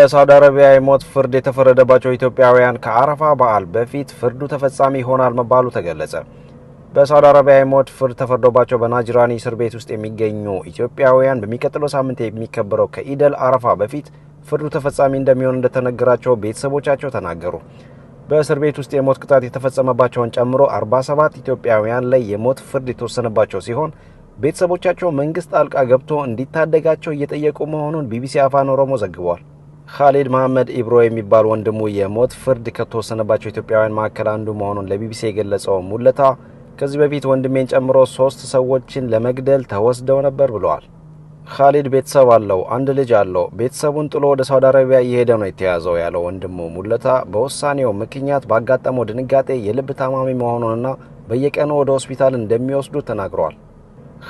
በሳውዲ አረቢያ የሞት ፍርድ የተፈረደባቸው ኢትዮጵያውያን ከአረፋ በዓል በፊት ፍርዱ ተፈጻሚ ይሆናል መባሉ ተገለጸ። በሳውዲ አረቢያ የሞት ፍርድ ተፈርዶባቸው በናጅራኒ እስር ቤት ውስጥ የሚገኙ ኢትዮጵያውያን በሚቀጥለው ሳምንት የሚከበረው ከኢደል አረፋ በፊት ፍርዱ ተፈጻሚ እንደሚሆን እንደተነገራቸው ቤተሰቦቻቸው ተናገሩ። በእስር ቤት ውስጥ የሞት ቅጣት የተፈጸመባቸውን ጨምሮ 47 ኢትዮጵያውያን ላይ የሞት ፍርድ የተወሰነባቸው ሲሆን ቤተሰቦቻቸው መንግስት ጣልቃ ገብቶ እንዲታደጋቸው እየጠየቁ መሆኑን ቢቢሲ አፋን ኦሮሞ ዘግቧል። ካሊድ መሐመድ ኢብሮ የሚባል ወንድሙ የሞት ፍርድ ከተወሰነባቸው ኢትዮጵያውያን መካከል አንዱ መሆኑን ለቢቢሲ የገለጸው ሙለታ ከዚህ በፊት ወንድሜን ጨምሮ ሶስት ሰዎችን ለመግደል ተወስደው ነበር ብለዋል። ካሊድ ቤተሰብ አለው፣ አንድ ልጅ አለው። ቤተሰቡን ጥሎ ወደ ሳውዲ አረቢያ እየሄደ ነው የተያዘው ያለው ወንድሙ ሙለታ በውሳኔው ምክንያት ባጋጠመው ድንጋጤ የልብ ታማሚ መሆኑንና በየቀኑ ወደ ሆስፒታል እንደሚወስዱ ተናግረዋል።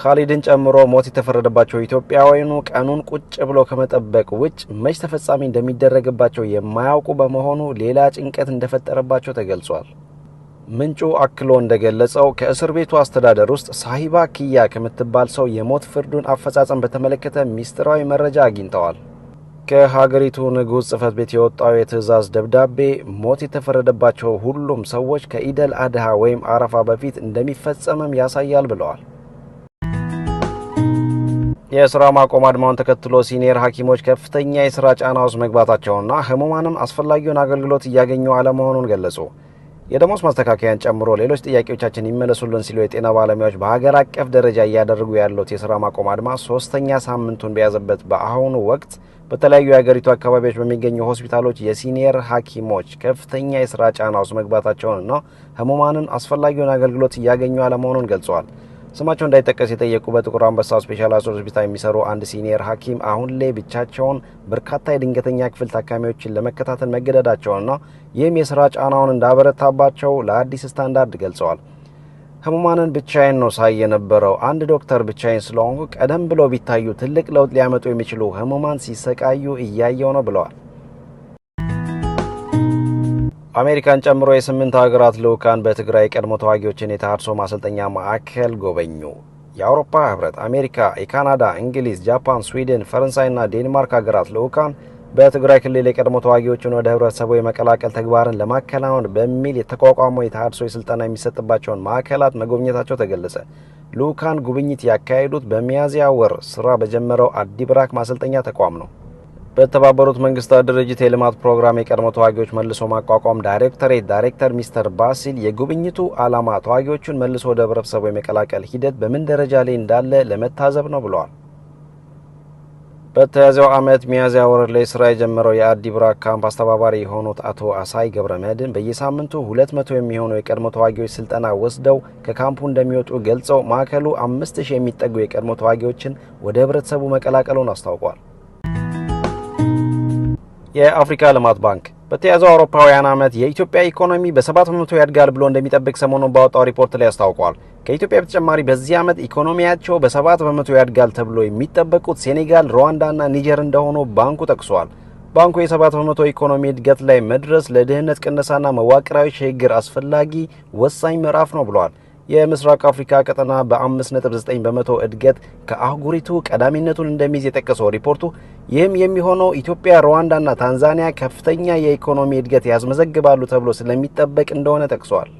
ካሊድን ጨምሮ ሞት የተፈረደባቸው ኢትዮጵያውያኑ ቀኑን ቁጭ ብሎ ከመጠበቅ ውጭ መች ተፈጻሚ እንደሚደረግባቸው የማያውቁ በመሆኑ ሌላ ጭንቀት እንደፈጠረባቸው ተገልጿል። ምንጩ አክሎ እንደገለጸው ከእስር ቤቱ አስተዳደር ውስጥ ሳሂባ ኪያ ከምትባል ሰው የሞት ፍርዱን አፈጻጸም በተመለከተ ሚስጢራዊ መረጃ አግኝተዋል። ከሀገሪቱ ንጉሥ ጽሕፈት ቤት የወጣው የትዕዛዝ ደብዳቤ ሞት የተፈረደባቸው ሁሉም ሰዎች ከኢደል አድሃ ወይም አረፋ በፊት እንደሚፈጸምም ያሳያል ብለዋል። የስራ ማቆም አድማውን ተከትሎ ሲኒየር ሐኪሞች ከፍተኛ የስራ ጫና ውስጥ መግባታቸውና ህሙማንም አስፈላጊውን አገልግሎት እያገኙ አለመሆኑን ገለጹ። የደሞዝ ማስተካከያን ጨምሮ ሌሎች ጥያቄዎቻችን ይመለሱልን ሲሉ የጤና ባለሙያዎች በሀገር አቀፍ ደረጃ እያደረጉ ያሉት የስራ ማቆም አድማ ሶስተኛ ሳምንቱን በያዘበት በአሁኑ ወቅት በተለያዩ የሀገሪቱ አካባቢዎች በሚገኙ ሆስፒታሎች የሲኒየር ሐኪሞች ከፍተኛ የስራ ጫና ውስጥ መግባታቸውንና ህሙማንን አስፈላጊውን አገልግሎት እያገኙ አለመሆኑን ገልጸዋል። ስማቸው እንዳይጠቀስ የጠየቁ በጥቁር አንበሳ ስፔሻላይዝ ሆስፒታል የሚሰሩ አንድ ሲኒየር ሐኪም አሁን ላይ ብቻቸውን በርካታ የድንገተኛ ክፍል ታካሚዎችን ለመከታተል መገደዳቸውንና ይህም የስራ ጫናውን እንዳበረታባቸው ለአዲስ ስታንዳርድ ገልጸዋል። ህሙማንን ብቻዬን ነው ሳይ የነበረው። አንድ ዶክተር ብቻዬን ስለሆንኩ ቀደም ብለው ቢታዩ ትልቅ ለውጥ ሊያመጡ የሚችሉ ህሙማን ሲሰቃዩ እያየው ነው ብለዋል። አሜሪካን ጨምሮ የስምንት ሀገራት ልዑካን በትግራይ ቀድሞ ተዋጊዎችን የተሃድሶ ማሰልጠኛ ማዕከል ጎበኙ። የአውሮፓ ህብረት፣ አሜሪካ፣ የካናዳ፣ እንግሊዝ፣ ጃፓን፣ ስዊድን፣ ፈረንሳይና ዴንማርክ ሀገራት ልዑካን በትግራይ ክልል የቀድሞ ተዋጊዎችን ወደ ህብረተሰቡ የመቀላቀል ተግባርን ለማከናወን በሚል የተቋቋመው የተሃድሶ የስልጠና የሚሰጥባቸውን ማዕከላት መጎብኘታቸው ተገለጸ። ልዑካን ጉብኝት ያካሄዱት በሚያዝያ ወር ስራ በጀመረው አዲብራክ ማሰልጠኛ ተቋም ነው። በተባበሩት መንግስታት ድርጅት የልማት ፕሮግራም የቀድሞ ተዋጊዎች መልሶ ማቋቋም ዳይሬክቶሬት ዳይሬክተር ሚስተር ባሲል የጉብኝቱ ዓላማ ተዋጊዎቹን መልሶ ወደ ህብረተሰቡ የመቀላቀል ሂደት በምን ደረጃ ላይ እንዳለ ለመታዘብ ነው ብለዋል። በተያዘው ዓመት ሚያዝያ ወር ላይ ስራ የጀመረው የአዲብራ ካምፕ አስተባባሪ የሆኑት አቶ አሳይ ገብረ መድን በየሳምንቱ ሁለት መቶ የሚሆኑ የቀድሞ ተዋጊዎች ስልጠና ወስደው ከካምፑ እንደሚወጡ ገልጸው ማዕከሉ አምስት ሺህ የሚጠጉ የቀድሞ ተዋጊዎችን ወደ ህብረተሰቡ መቀላቀሉን አስታውቋል። የአፍሪካ ልማት ባንክ በተያዘው አውሮፓውያን ዓመት የኢትዮጵያ ኢኮኖሚ በ በመቶ ያድጋል ብሎ እንደሚጠብቅ ሰሞኑን ባወጣው ሪፖርት ላይ አስታውቋል። ከኢትዮጵያ በተጨማሪ በዚህ ዓመት ኢኮኖሚያቸው በ በመቶ ያድጋል ተብሎ የሚጠበቁት ሴኔጋል፣ ሩዋንዳና ኒጀር እንደሆኑ ባንኩ ጠቅሷል። ባንኩ የ በመቶ ኢኮኖሚ እድገት ላይ መድረስ ለድህነት ቅነሳና መዋቅራዊ ሽግግር አስፈላጊ ወሳኝ ምዕራፍ ነው ብሏል። የምስራቅ አፍሪካ ቀጠና በ5.9 በመቶ እድገት ከአህጉሪቱ ቀዳሚነቱን እንደሚይዝ የጠቀሰው ሪፖርቱ ይህም የሚሆነው ኢትዮጵያ፣ ሩዋንዳና ታንዛኒያ ከፍተኛ የኢኮኖሚ እድገት ያስመዘግባሉ ተብሎ ስለሚጠበቅ እንደሆነ ጠቅሰዋል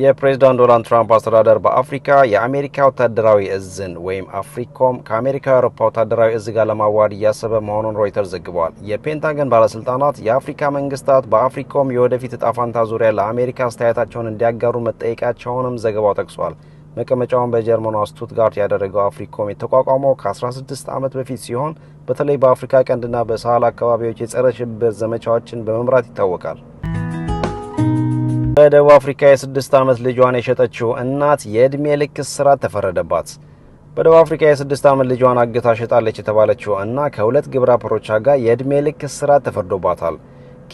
የፕሬዝዳንት ዶናልድ ትራምፕ አስተዳደር በአፍሪካ የአሜሪካ ወታደራዊ እዝን ወይም አፍሪኮም ከአሜሪካ የአውሮፓ ወታደራዊ እዝ ጋር ለማዋሃድ እያሰበ መሆኑን ሮይተርስ ዘግቧል። የፔንታገን ባለስልጣናት የአፍሪካ መንግስታት በአፍሪኮም የወደፊት እጣ ፋንታ ዙሪያ ለአሜሪካ አስተያየታቸውን እንዲያጋሩ መጠየቃቸውንም ዘገባው ጠቅሷል። መቀመጫውን በጀርመኗ ስቱትጋርት ያደረገው አፍሪኮም የተቋቋመው ከ16 ዓመት በፊት ሲሆን በተለይ በአፍሪካ ቀንድና በሳህል አካባቢዎች የጸረ ሽብር ዘመቻዎችን በመምራት ይታወቃል። በደቡብ አፍሪካ የስድስት ዓመት ልጇን የሸጠችው እናት የዕድሜ ልክ እስራት ተፈረደባት። በደቡብ አፍሪካ የስድስት ዓመት ልጇን አግታ ሸጣለች የተባለችው እና ከሁለት ግብረአበሮቿ ጋር የዕድሜ ልክ እስራት ተፈርዶባታል።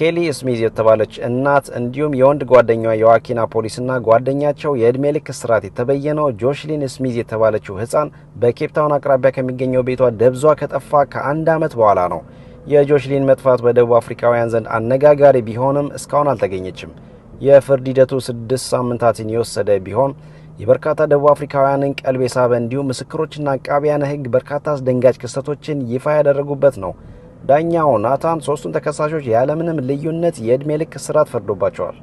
ኬሊ ስሚዝ የተባለች እናት እንዲሁም የወንድ ጓደኛዋ የዋኪና ፖሊስና ጓደኛቸው የዕድሜ ልክ እስራት የተበየነው ጆሽሊን ስሚዝ የተባለችው ህፃን በኬፕታውን አቅራቢያ ከሚገኘው ቤቷ ደብዟ ከጠፋ ከአንድ ዓመት በኋላ ነው። የጆሽሊን መጥፋት በደቡብ አፍሪካውያን ዘንድ አነጋጋሪ ቢሆንም እስካሁን አልተገኘችም። የፍርድ ሂደቱ ስድስት ሳምንታትን የወሰደ ቢሆን የበርካታ ደቡብ አፍሪካውያንን ቀልብ የሳበ እንዲሁም ምስክሮችና አቃቢያነ ሕግ በርካታ አስደንጋጭ ክስተቶችን ይፋ ያደረጉበት ነው። ዳኛው ናታን ሶስቱን ተከሳሾች ያለምንም ልዩነት የዕድሜ ልክ እስራት ፈርዶባቸዋል።